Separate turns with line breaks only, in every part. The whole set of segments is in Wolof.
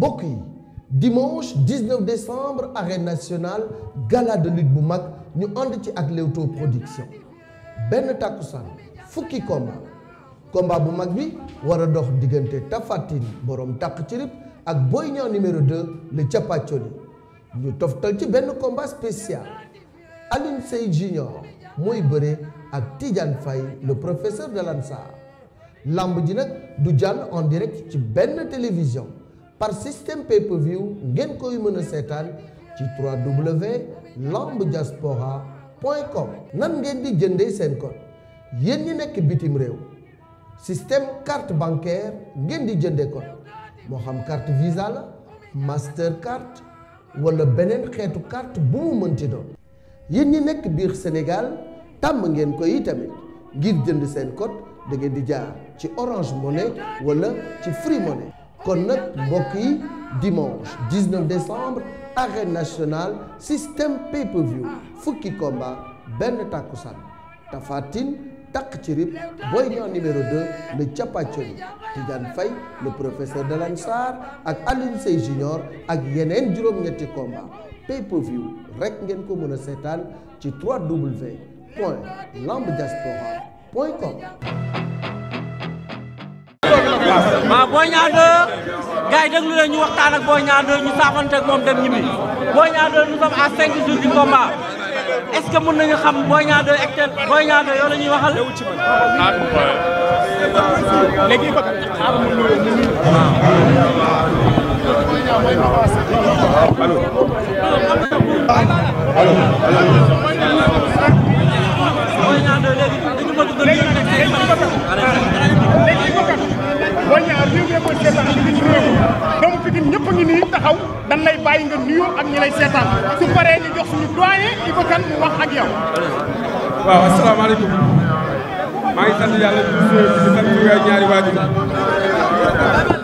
bokk yi dimanche 19 décembre arène nationale gala de lutte bu mag ñu ànd ci ak Leewtoo production benn takkusaan fukki combat combat bu mag bi wara dox diggante Tapha Tine borom takk ci ak Boy Niang numéro 2 le ñu toftal ci benn combat spécial Alioune Seye Junior mooy bëre ak Tidiane fay le professeur de l'Ansar lamb ji nag du jàll en direct ci benn télévision par système pay-per-view ngeen koy mën a seetaan ci 3W lambdiaspora point com nan ngeen di jëndee seen code yéen ñi nekk bitim réew système carte bancaire ngeen di jëndee code moo xam carte Visa la Mastercard wala beneen xeetu carte bu mu mënti doon yéen ñi nekk biir Sénégal tàmm ngeen koy yi ngir jënd seen code da ngeen di jaar ci Orange Money wala ci Free Money kon nag mbokk yi dimanche 19 décembre arène nationale système pay-per-view fukki combat benn tàkku Tapha Tine taq ci rib Boy Niang numéro 2 le capacoli Tidiane Faye le professeur de Lansar ak Alioune Seye Junior ak yeneen juróom-ñetti combat pay-per-view rek ngeen ko mën a seetaan ci 3w point lambdiaspora waaw Boy Niang 2 gars yi déglu leen ñu waxtaan ak Boy Niang 2 ñu saafanteeg moom dem ñibbi Boy
Niang 2 nous sommes à 5 jours du combat est-ce que mën nañu xam Boy Niang 2 hectare Boy Niang
2 yow la ñuy waxal. Ah, koy seetaan li ñu nuyoo doomu Pikine ñëpp a ngi taxaw dañ lay bàyyi nga nuyoo ak ñi lay seetaan su paree ñu jox suñu doyen Iba Kane mu wax ak yow.
waaw asalaamaaleykum maa ngi sant yàlla di sant ñu ñaari waajur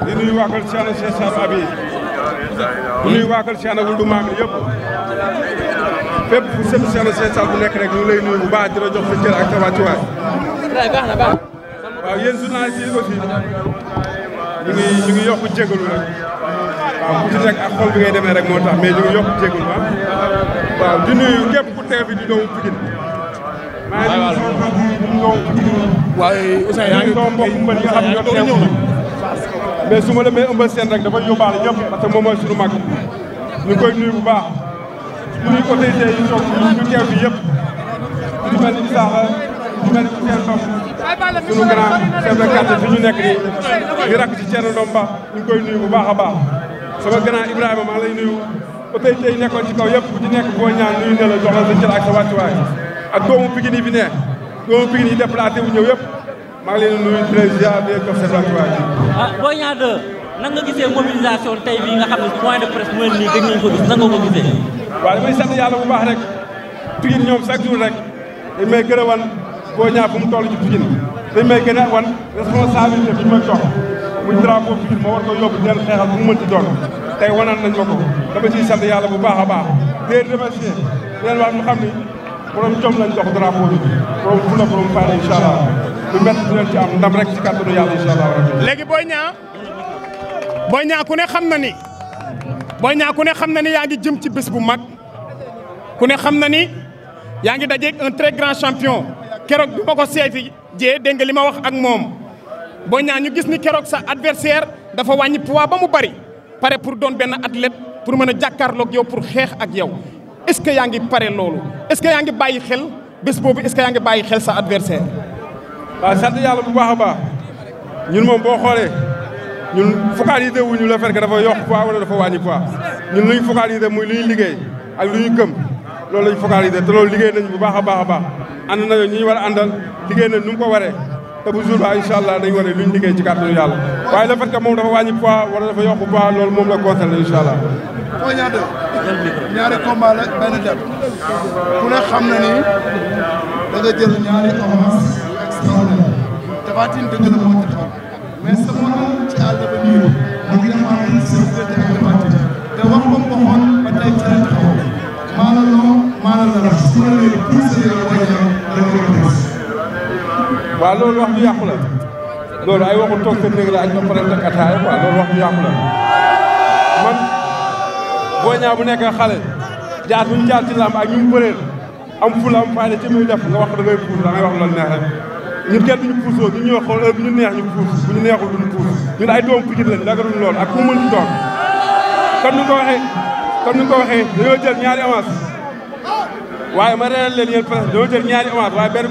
di nuyu waa kër Cheikh Cheikh Cheikh Abi di nuyu waa kër Cheikh Wuldu yëpp fépp fu sëb Cheikh Cheikh bu nekk rek ñu lay nuyu bu baax di la jox sa cër ak sa wàccuwaay. waaw yéen journaliste yi aussi ñu ngi ñu ngi yokk jégalu rek waaw ku ci nekk ak xol bi ngay demee rek moo tax mais ñu ngi yokk jégalu ah waaw di nuyu képp ku teew fi di doomu Pikine maa ngi nuyu doomu Pikine waaye Ousseyn yaa ngi doom mbokk mën nga mais su ma demee ëmbal seen rek dafa yóbbaale ñëpp parce que moom mooy suñu mag ñu ngi koy nuyu bu baax ñu ngi yi toog ñu teew yëpp di mel ni Isaaxa ku mel ni Thierno
Ndom sunu grand
chef de quartier bi ñu nekk nii di rakk ci Thierno Ndom ba ñu koy nuyu bu baax a baax sama grand Ibrahima maa lay nuyu autorité yi nekkoon ci ku ci nekk boo ñaan nuyu ne la jox la sa cër ak sa wàccuwaay ak doomu Pikine yi fi ne doomu Pikine wu ñëw yëpp maa ngi leen di nuyu président di leen jox seen wàccuwaay ah Boy Niang 2 nan nga gisee mobilisation tey bii nga xam ne point de presse mooy nii gëj nañu ko gis nan nga ko gisee. waaw damay sant yàlla bu baax rek Pikine ñoom chaque jour rek dañ may boo ñaa fu mu toll ci Pikine dañ gën a wan responsabilité bi ñu may jox muy drapeau Pikine moo war ko yóbbu di xeexal bu mënti doon tey wanaan nañ yàlla bu baax a baax déer remercié leen wax ñu xam ni borom jom lañ jox drapeau bi borom fu la borom faana incha allah lu mett di leen ci am ndam rek ci kàttanu yàlla incha allah
léegi booy ñaa booy ñaa ku ne xam na ni booy ñaa ku ne xam na ni yaa ngi jëm ci bés bu mag ku ne xam na ni yaa ngi dajeeg un très keroog bi ma ko seeti jee dégg nga li ma wax ak moom boo ñaa ñu gis ni keroog sa adversaire dafa wàññi poids ba mu bari pare pour doon benn athlète pour mën a jàkkaarloog yow pour xeex ak yow est-ce que yaa ngi pare loolu est-ce que ngi bàyyi xel bés boobu est-ce que ngi bàyyi xel sa adversaire waaw sant yàlla bu baax a ñun moom boo xoolee
ñun focalisé wuñu la fekk dafa yokk poids wala dafa wàññi poids ñun lu ñu focalisé muy lu liggéey ak lu ñu gëm loolu la ñu focalisé te liggéey nañu bu baax a baax a baax ànd nañu ñi ñu war a àndal liggéey na nu mu ko waree te bu jour ba incha allah dañ war a luñ liggéey ci kàttanu yàlla waaye le fait que moom dafa wàññi poids wala dafa yokk poids loolu moom la concerné incha allah.
foo ñaata ñaari combat la benn def ku ne xam na ni da nga jël ñaari avance extraordinaire Tapha Tine dëgg la moo ci taxaw mais sa morom ci àll ba nii mu ngi def am sécurité ak Tapha Tine te wax ba mu la taxaw maanaam maanaam la la
waaw loolu wax ju yàqu loolu ay waxu toog sa néeg la añ ba pare teg loolu wax ju yàqu la man Boy Niang bu nekk xale jaar bu ñu jaar ci làmb ak ñu mu bëreel am fula am fayda ci muy def nga wax da ngay puus da ngay wax loolu neex rek ñun kenn duñu puusoo ñu ñëw xool bu ñu neex ñu puus bu ñu neexul duñu puus ñun ay doom pigit lañ daga duñ loolu ak ku mën ci doon comme ni ko waxee comme ñaari avance waaye ma reeral leen yéen presque dañoo ñaari avance waaye benn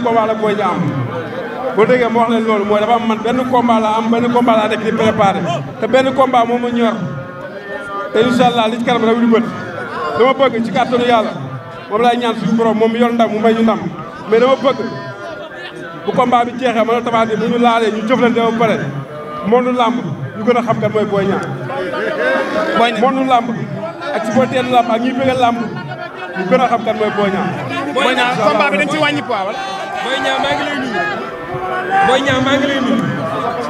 boo déggee ma wax leen loolu mooy dafa am man benn combat la am benn combat laa nekk di préparé te benn combat moom ma ñor te incha allah li ci kanam raw du bët dama bëgg ci kàttanu yàlla moom laay ñaan suñu borom moom yor ndam mu may ñu ndam mais dama bëgg bu combat bi jeexee ma ne Tapha Tine bu ñu laalee ñu jëflante ba pare moonu làmb ñu gën a xam kan mooy Boy Niang. Boy Niang moonu làmb ak supporteru làmb ak ñuy bëgg làmb ñu gën a xam kan mooy Boy Niang. Boy Niang bi dañ Boy Niang maa ngi lay nuyu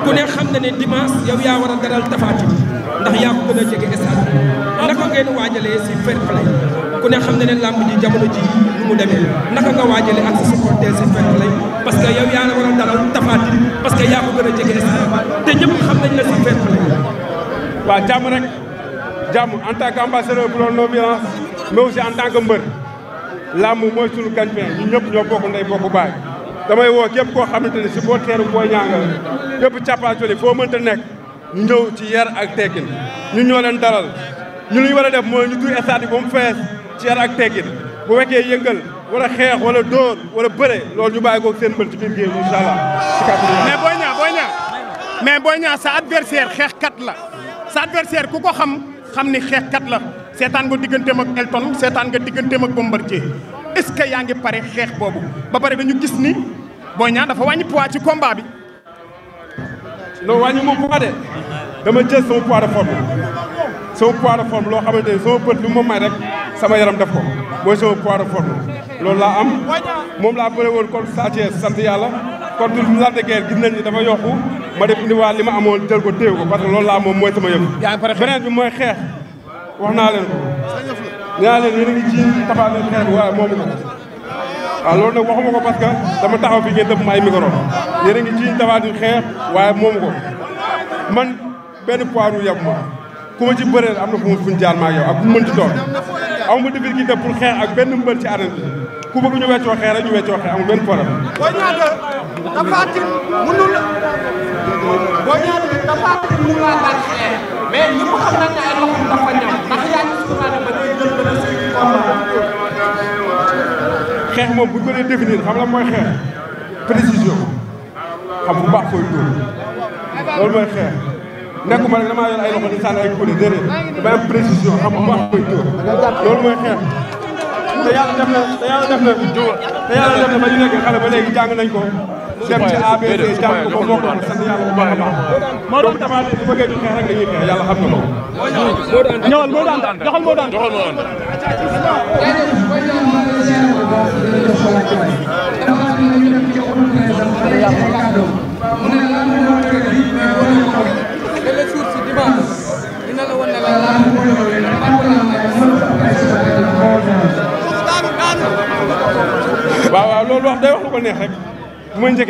ku ne xam na ne dimanche yow yaa war a dalal tafaati ndax yaa ko gën a jege stade naka ngeen waajalee si fair ku ne xam na ne làmb ji jamono ji lu mu demee naka nga waajalee ak sa si fair parce que yow yaa la war a dalal tafaati parce que yaa ko gën a jege stade te ñëpp xam nañ en tant qu'ambassadeur pour la non violence mais aussi en tant que mbër làmb mooy suñu gagne-pain ñëpp ñoo bokk ndey bokk baay damay woo képp koo xamante ni supporteru Boy Niang nga képp càppaacoli foo mënta nekk ñu ñëw ci yar ak teggin ñu ñoo leen dalal ñu li ñu war a def mooy ñu duy stade bi mu fees ci yar ak teggin bu wekkee yëngal wala xeex wala dóor wala bëre loolu ñu bàyyi koog seen mbël ci biir géej incha allah
ci kàddu mais Boy Niang Boy Niang mais xeexkat la sa adversaire ku ko xam xam ni xeexkat la seetaan nga digganteem ak Elton seetaan nga digganteem ak Bombardier est-ce que yaa ngi pare xeex boobu ba pare ñu gis ni Boy Niang dafa wàññi poids ci combat bi. non wàññi mu poids de
dama jël sama poids de forme sama poids de loo xamante ni sama bët lu ma may yaram def ko mooy sama poids loolu laa am moom laa bëre woon contre Sa sant yàlla kon Lac de Guiers gis nañ ni dafa yokku ma def ni waa li ma amoon jël ko téye ko parce que loolu laa moom mooy sama yëf beneen bi mooy xeex wax naa leen naa leen yéen ngi ci tafaale xeex waaye moomu ko waaw loolu nag waxuma ko parce que dama taxaw fi ngeen dëpp ma ay micro a ngi ci tafaale xeex waaye moomu ko man benn poids ru yàgg ma ku ma am na fu mu fuñ jaar ma ak yow ak ku mën ci doon xeex ak benn mbër ci arène bi ku bëgg ñu weccoo xeex rek benn problème.
boo ñaata Tapha Tine mënul boo ñaata Tapha Tine laa baax xeex mais ñëpp xam nañ ne loxo dafa ñëw
xeex mo bu ñu ko dee définir xam la mooy xeex précision xam bu baax koy dóor loolu mooy xeex nekkuma rek damaa yor ay loxo di sànni ay kóode déedéet damay am précision xam bu baax koy dóor loolu mooy xeex te yàlla def na te yàlla def na te yàlla def na ba ñu nekk xale ba léegi jàng nañ ko dem ci ABC jàng ko ba moo ko sant yàlla bu baax a baax doomu tamit bu bëggee ñu xeex rek dañuy xeex yàlla xam na moo daan joxal moo daan joxal moo waaw loolu wax day wax lu ko neex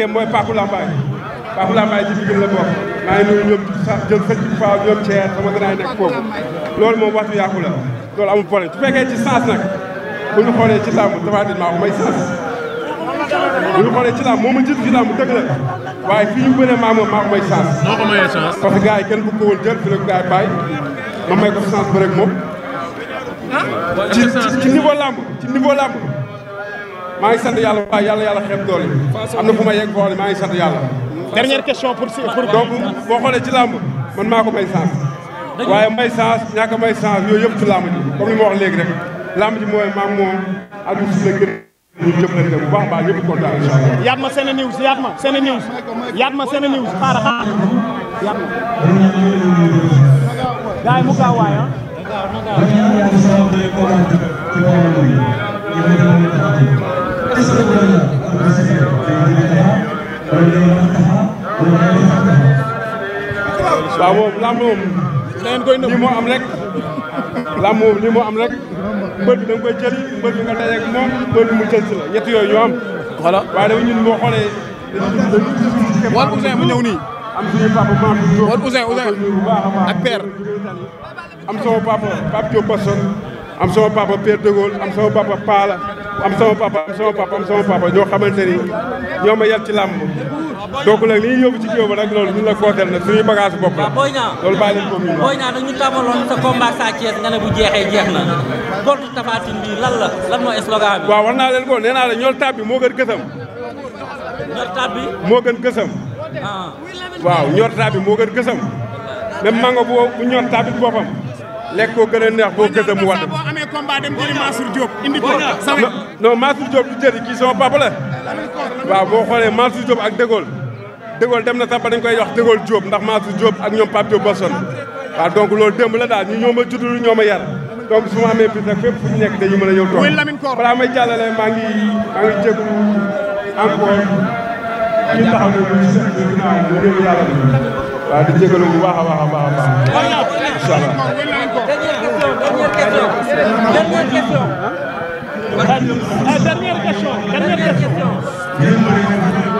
mooy Pape Lambaye Pape la bokk maa ngi nuyu ñoom sax jël faj faaw ñoom Thier sama gànnaay nekk foofu loolu moom waxtu yàqu la loolu amul problème su fekkee ci sens nag bu ñu xoolee ci làmb Tapha Tine maa ko may sens bu ñu xoolee ci làmb moom a jiitu ci làmb dëgg la waaye fii ñu bëree maa moom maa ko may sens noo ko que gars yi kenn bu ko woon jël fi la ko gars yi bàyyi ma may ko sens ba rek moom ah? ci ci niveau làmb ci yàlla waaye yàlla yàlla xeeb doole am na fu ma yegg foo xam maa ngi sant
dernière question pour si pour.
boo xoolee ci làmb man maa ko may chance. waaye may chance ñàkk may chance yooyu yëpp ci làmb ji comme li ma wax
mooy maam moom
adul si la gën ñu jëflante bu baax a baax ñëpp kontaan incha allah.
yaat ma seen i news yaat ma seen i news mu gaaw waay ah.
waaw moom làmb moom. da koy moo am rek. làmb moom am rek. bët bi da nga koy jëli bët bi nga daje moom bët bi mu jël si la am. waaye dafa ñun boo xoolee. wala Ousseyn mu ñëw nii. am suñu papa maam Diop am sama papa Pape Diop Basson am sama papa Pierre de am sama papa Pala. am sama papa am sama papa am ñoo xamante ni ñoo ma yar ci làmb donc nag li ñuy yóbbu ci géew ba nag loolu la kooteel nag suñuy bagage bopp la. loolu bàyyi leen ko muy booy
ñaa nag ñu tàmbaloon sa combat Sa Thiès nga ne bu jeexee jeex na contre Tapha
Tine la lan mooy slogan waaw war naa leen ko nee naa la ñool taab bi moo gën gësam. ñool taab moo gën gësam.
Ah. waaw ñool
taab bi moo gën gësam. même mango bu bu ñool taab bi boppam lekk koo gën neex boo gësam mu wadd
combat dem jëli
Mansour Diop indi ko. non non Mansour Diop du jëli kii sama papa la. waaw boo xoolee Mansour Diop ak Dégol. Dégol dem na sax dañ koy wax Dégol Diop ndax Mansour Diop ak ñoom Pape Diop Boston. waaw donc loolu démb la daal ñu ñoo ma ñoo ma yar donc su ma amee bis nag fépp fu ñu nekk dañu mën a ñëw toog. muy Lamine Koor balaa may jàllale maa ngi maa ngi jégalu encore kii taxaw na lu si ginnaaw yàlla waaw di jégalu bu baax a baax
a
dernière question
dernière question. dernière question dernière question.